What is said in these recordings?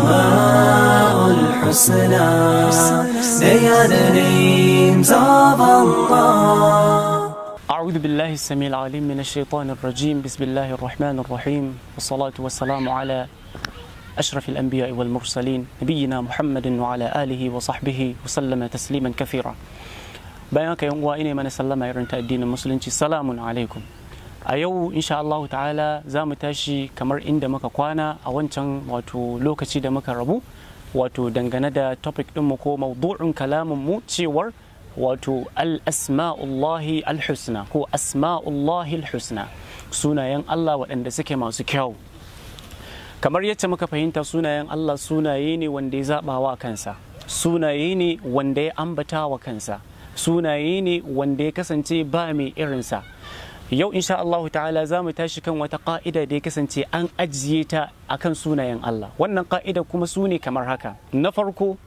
الأسماء الحسنى They زاب الله أعوذ بالله السميع العليم من الشيطان الرجيم بسم الله الرحمن الرحيم والصلاة والسلام على أشرف الأنبياء والمرسلين نبينا محمد وعلى آله وصحبه وسلم تسليما كثيرا بياك يوم وإني من سلم يرنت الدين المسلم السلام عليكم a yau insha Allah ta'ala za mu tashi kamar inda muka kwana a wancan wato lokaci da muka rabu wato dangane da topic mu ko maudu'in kalamin mu cewar wato al-asma'ullahi al-husna ko asma'ullahi al-husna sunayen Allah waɗanda suke masu kyau kamar yadda muka fahimta sunayen Allah sunaye ne wanda ya zaɓa kansa sunaye ne wanda ya ambata wa kansa sunaye ne wanda ya kasance ba mai irinsa yau insha Allah ta'ala za mu tashi kan wata ka'ida da ya kasance an ajiye ta kan sunayen Allah wannan ka'ida kuma su ne kamar haka na farko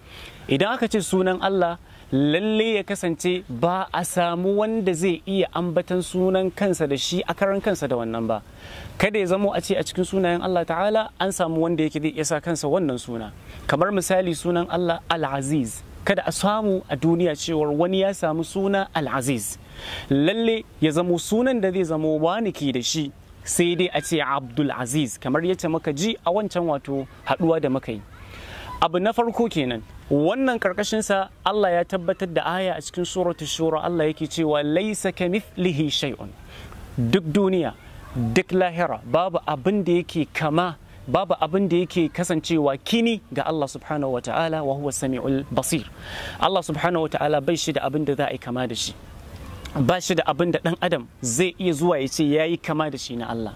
idan aka ce sunan Allah lalle ya kasance ba a samu wanda zai iya ambatan sunan kansa da shi a karan kansa da wannan ba kada ya zamo a ce a cikin sunayen Allah ta'ala an samu wanda yake zai iya sa kansa wannan suna kamar misali sunan Allah al-aziz kada a samu a duniya cewar wani ya samu suna al'aziz lalle ya zamo sunan da zai zamo wani ke da shi sai dai a ce abdul aziz kamar yadda muka ji a wancan wato haɗuwa da muka yi abu na farko kenan wannan karkashinsa Allah ya tabbatar da aya a cikin suratul shura Allah yake cewa laisa kamithlihi shay'un duk duniya duk lahira babu abin da yake kama babu abin da yake kasancewa kini ga Allah subhanahu wa ta'ala wa huwa sami'ul basir Allah subhanahu wa bai shi da abin da za a yi kama da shi ba shi da abin da dan adam zai iya zuwa ya ce yayi kama da shi na Allah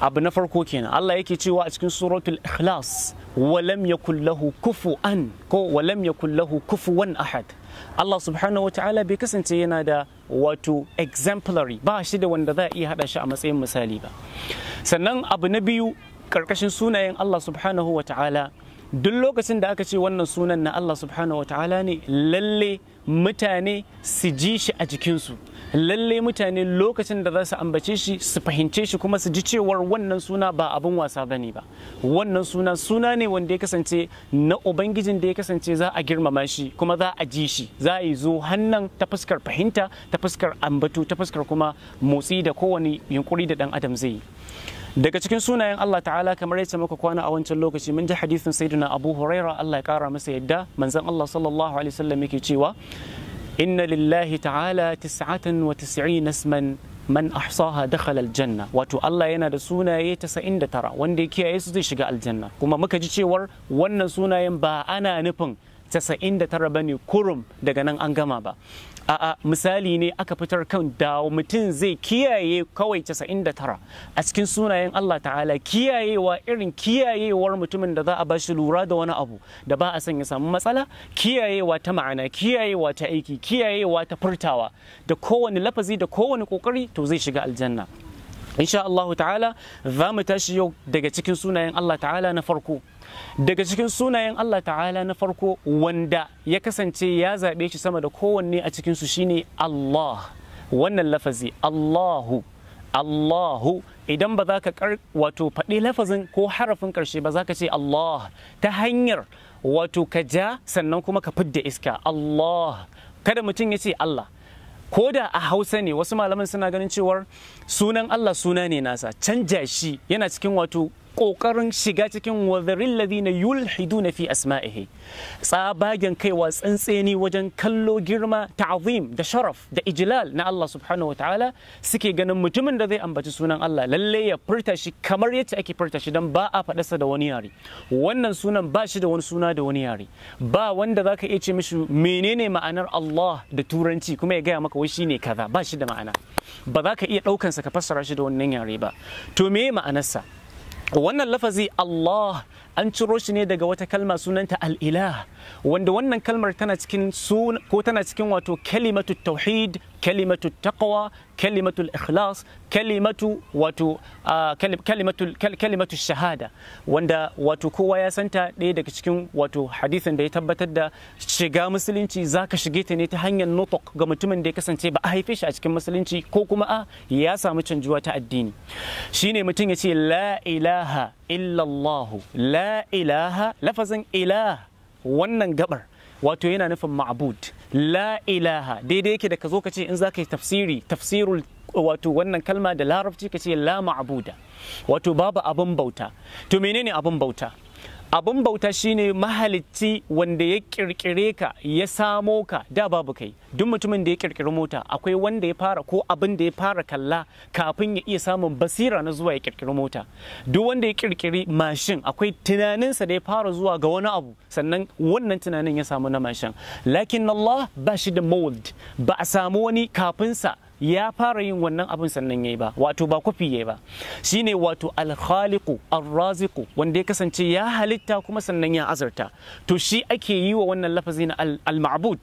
abu na farko kenan Allah yake cewa a cikin suratul ikhlas walam yakul lahu kufuwan ko walam yakul lahu kufuwan ahad Allah subhanahu wa bai kasance yana da wato exemplary ba shi da wanda za a iya hada shi a matsayin misali ba sannan abu na biyu karkashin sunayen Allah subhanahu wa ta'ala duk lokacin da aka ce wannan sunan na Allah subhanahu wa ta'ala ne lalle mutane su ji shi a jikinsu lalle mutane lokacin da za su ambace shi su fahimce shi kuma su ji cewar wannan suna ba abin wasa ba ba wannan suna suna ne wanda ya kasance na ubangijin da ya kasance za a girmama shi kuma za a ji shi za a yi zo hannan ta fuskar fahimta ta fuskar ambato ta fuskar kuma motsi da kowane yunkuri da dan adam zai yi daga cikin sunayen Allah ta'ala kamar yadda muka kwana a wancan lokaci mun ji hadisin sayyidina Abu Huraira Allah ya kara masa yadda manzon Allah sallallahu alaihi wasallam yake cewa inna lillahi ta'ala tis'atan wa tis'in isman man ahsaha dakhala aljanna wato Allah yana da sunaye 99 wanda ya kiyaye su zai shiga aljanna kuma muka ji cewar wannan sunayen ba ana nufin da tara bane kurum daga nan an gama ba a'a misali ne aka fitar kan da mutum zai kiyaye kawai da tara a cikin sunayen Allah ta'ala kiyayewa irin kiyayewar mutumin da za a bashi lura da wani abu da ba a son ya samu matsala kiyayewa ta ma'ana kiyayewa ta aiki kiyayewa ta furtawa da kowane lafazi da kowane kokari to zai shiga aljanna insha Allahu ta'ala za mu tashi yau daga cikin sunayen Allah ta'ala na farko daga cikin sunayen Allah ta'ala na farko wanda ya kasance ya zaɓe shi sama da kowanne a cikinsu shine Allah wannan lafazi Allahu Allahu idan ba za ka kar wato faɗi lafazin ko harafin ƙarshe ba za ka ce Allah ta hanyar wato ka ja sannan kuma ka fidda iska Allah kada mutum ya ce Allah ko da a hausa ne wasu malaman suna ganin cewar sunan allah suna ne nasa canja shi yana cikin wato kokarin shiga cikin wadarin ladina na fi asma'ihi tsabagen kaiwa tsantseni wajen kallo girma ta'zim da sharaf da ijlal na Allah subhanahu wa ta'ala suke ganin mutumin da zai ambaci sunan Allah lalle ya furta shi kamar yadda ake furta shi dan ba a sa da wani yare wannan sunan ba shi da wani suna da wani yare ba wanda zaka iya ce mishi menene ma'anar Allah da turanci kuma ya gaya maka wai shine kaza ba shi da ma'ana ba za ka iya ɗaukansa ka fassara shi da wannan yare ba to me ma'anarsa وانا اللفظي الله an ciro shi ne daga wata kalma sunanta al'ila wanda wannan kalmar tana cikin ko tana cikin wato kalimatu tauhid kalimatu taqwa kalimatu ikhlas kalimatu wato kalimatu kalimatu shahada wanda wato kowa ya santa ɗaya daga cikin wato hadisin da ya tabbatar da shiga musulunci zaka shige ta ne ta hanyar nutuk ga mutumin da ya kasance ba a haife shi a cikin musulunci ko kuma a ya samu canjuwa ta addini shine mutum ya ce la ilaha illallahu la ilaha lafazin ilah wannan gabar wato yana nufin ma'bud la ilaha daidai yake da ka zo ka ce in za ka yi tafsiri tafsirul wato wannan kalma da larabci ka ce la ma'buda wato babu abin bauta to menene abin bauta abin bauta shine mahalicci wanda ya kirkire ka ya samo ka da babu kai duk mutumin da ya kirkiri mota akwai wanda ya fara ko abin da ya fara kalla kafin ya iya samun basira na zuwa ya kirkiri mota duk wanda ya kirkiri mashin akwai tunaninsa da ya fara zuwa ga wani abu sannan wannan tunanin ya samu na mashin lakin Allah ba shi da mold ba a samu wani kafinsa ya fara yin wannan abin sannan yayi ba wato ba kwafi yayi ba shi ne wato alhaliku arraziqu wanda ya kasance ya halitta kuma sannan ya azarta to shi ake yi wa wannan lafazi na al-ma'bud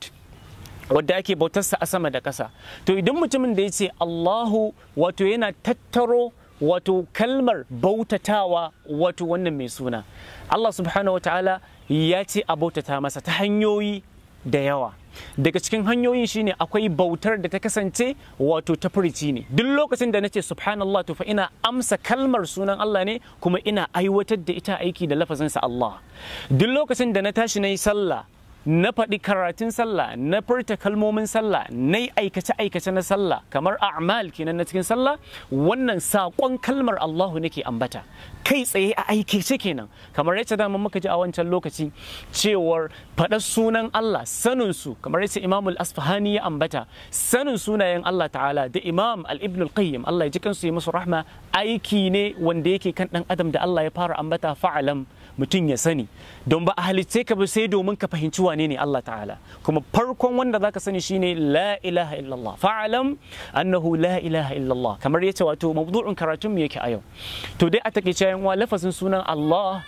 wadda ake bautarsa a sama da ƙasa to idan mutumin da ya ce Allahu wato yana tattaro wato kalmar bautatawa wato wannan mai suna Allah subhanahu wa ta'ala ya ce a bautata masa ta hanyoyi da yawa daga cikin hanyoyin shine akwai bautar da ta kasance wato ta furici ne duk lokacin da nace subhanallah to fa ina amsa kalmar sunan Allah ne kuma ina aiwatar da ita aiki da lafazin sa Allah duk lokacin da na tashi nayi sallah na faɗi karatun sallah na furta kalmomin sallah na aikace-aikace na sallah kamar a'mal kenan na cikin sallah wannan saƙon kalmar Allahu nake ambata kai tsaye a aikace kenan kamar yadda dama muka ji a wancan lokaci cewar faɗa sunan Allah sanin su kamar yadda imamul asfahani ya ambata sanin sunayen Allah ta'ala da Imam al-Ibn al-Qayyim Allah ya ji kansu ya musu rahma aiki ne wanda yake kan ɗan adam da Allah ya fara ambata fa'alam mutum ya sani don ba a halitce ka ba sai domin ka fahimci wane ne Allah ta'ala kuma farkon wanda zaka sani shine la ilaha illallah fa'alam annahu la ilaha illallah kamar yace wato mabdu'un karatun mu yake a yau to dai a takeice yan wa lafazin sunan Allah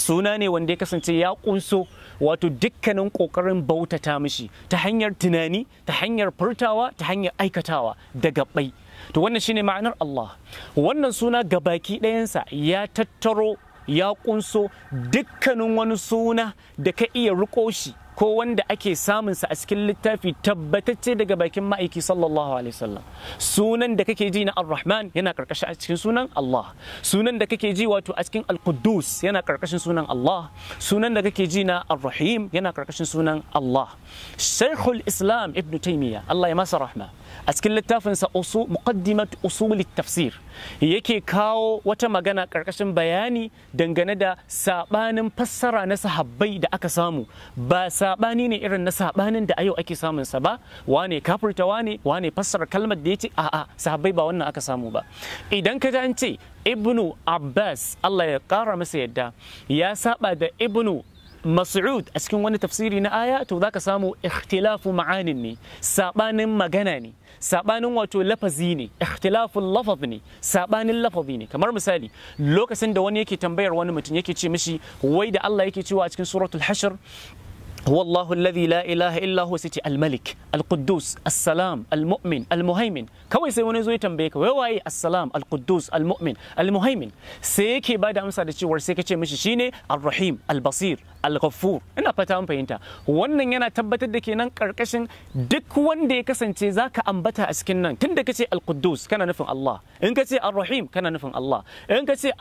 suna ne wanda ya kasance ya kunso wato dukkanin kokarin bautata mishi ta hanyar tunani ta hanyar furtawa ta hanyar aikatawa da gabbai to wannan shine ma'anar Allah wannan suna gabaki ɗayansa ya tattaro ya kunso dukkanin wani suna da ka iya riko shi ko wanda ake samunsa a cikin littafi tabbatacce daga bakin ma'aiki sallallahu alaihi wasallam sunan da kake ji na ar-rahman yana karkashin a cikin sunan Allah sunan da kake ji wato a cikin al-quddus yana karkashin sunan Allah sunan da kake ji na ar-rahim yana karkashin sunan Allah shaykhul islam ibn taymiya Allah ya masa rahma a cikin littafinsa usul muqaddimat usul tafsir yake kawo wata magana karkashin bayani dangane da sabanin fassara na sahabbai da aka samu ba sa sabani ne irin na sabanin da ayau ake samun sa ba wane kafirta wane wane fassara kalmar da yace a'a sahabbai ba wannan aka samu ba idan ka ji an ce ibnu abbas Allah ya kara masa yadda ya saba da ibnu mas'ud a cikin wani tafsiri na aya to zaka samu ikhtilafu ma'anin ne sabanin magana ne sabanin wato lafazi ne ikhtilaful lafaz ne sabanin lafazi ne kamar misali lokacin da wani yake tambayar wani mutum yake ce mishi wai da Allah yake cewa a cikin suratul hashr هو الله الذي لا إله إلا هو سيتي الملك القدوس السلام المؤمن المهيمن كوي سي وني زو يتنبيك وي السلام القدوس المؤمن المهيمن سيكي بعد أمسا دي ور سيكي مشي شيني الرحيم البصير al ina fata mun fahimta wannan yana tabbatar da kenan karkashin duk wanda ya kasance zaka ambata a cikin nan tunda kace alquddus kana nufin Allah in kace arrahim kana nufin Allah in kace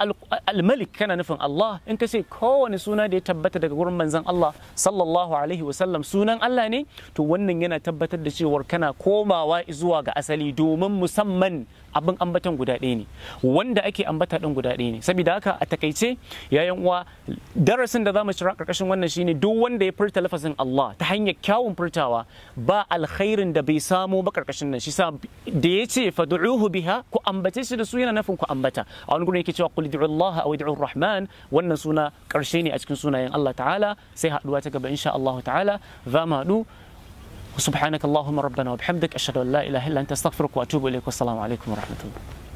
almalik kana nufin Allah in kace kowane suna da ya tabbata daga gurin manzon Allah sallallahu alaihi wasallam sunan Allah ne to wannan yana tabbatar da cewa kana komawa zuwa ga asali domin musamman abin ambatan guda ɗaya ne wanda ake ambata ɗin guda ɗaya ne saboda haka a takaice yayin uwa darasin da za mu shiraka karkashin wannan shine duk wanda ya furta lafazin Allah ta hanyar kyawun furtawa ba alkhairin da bai samo ba karkashin nan shi sa da ya ce fad'uhu biha ku ambace shi da su yana nufin ku ambata a wani gurin yake cewa qul ud'u Allah aw ud'u Rahman wannan suna karshe ne a cikin sunayen Allah ta'ala sai haduwa ta gaba insha Allah ta'ala za mu haɗu سبحانك اللهم ربنا وبحمدك أشهد أن لا إله إلا أنت أستغفرك وأتوب إليك والسلام عليكم ورحمة الله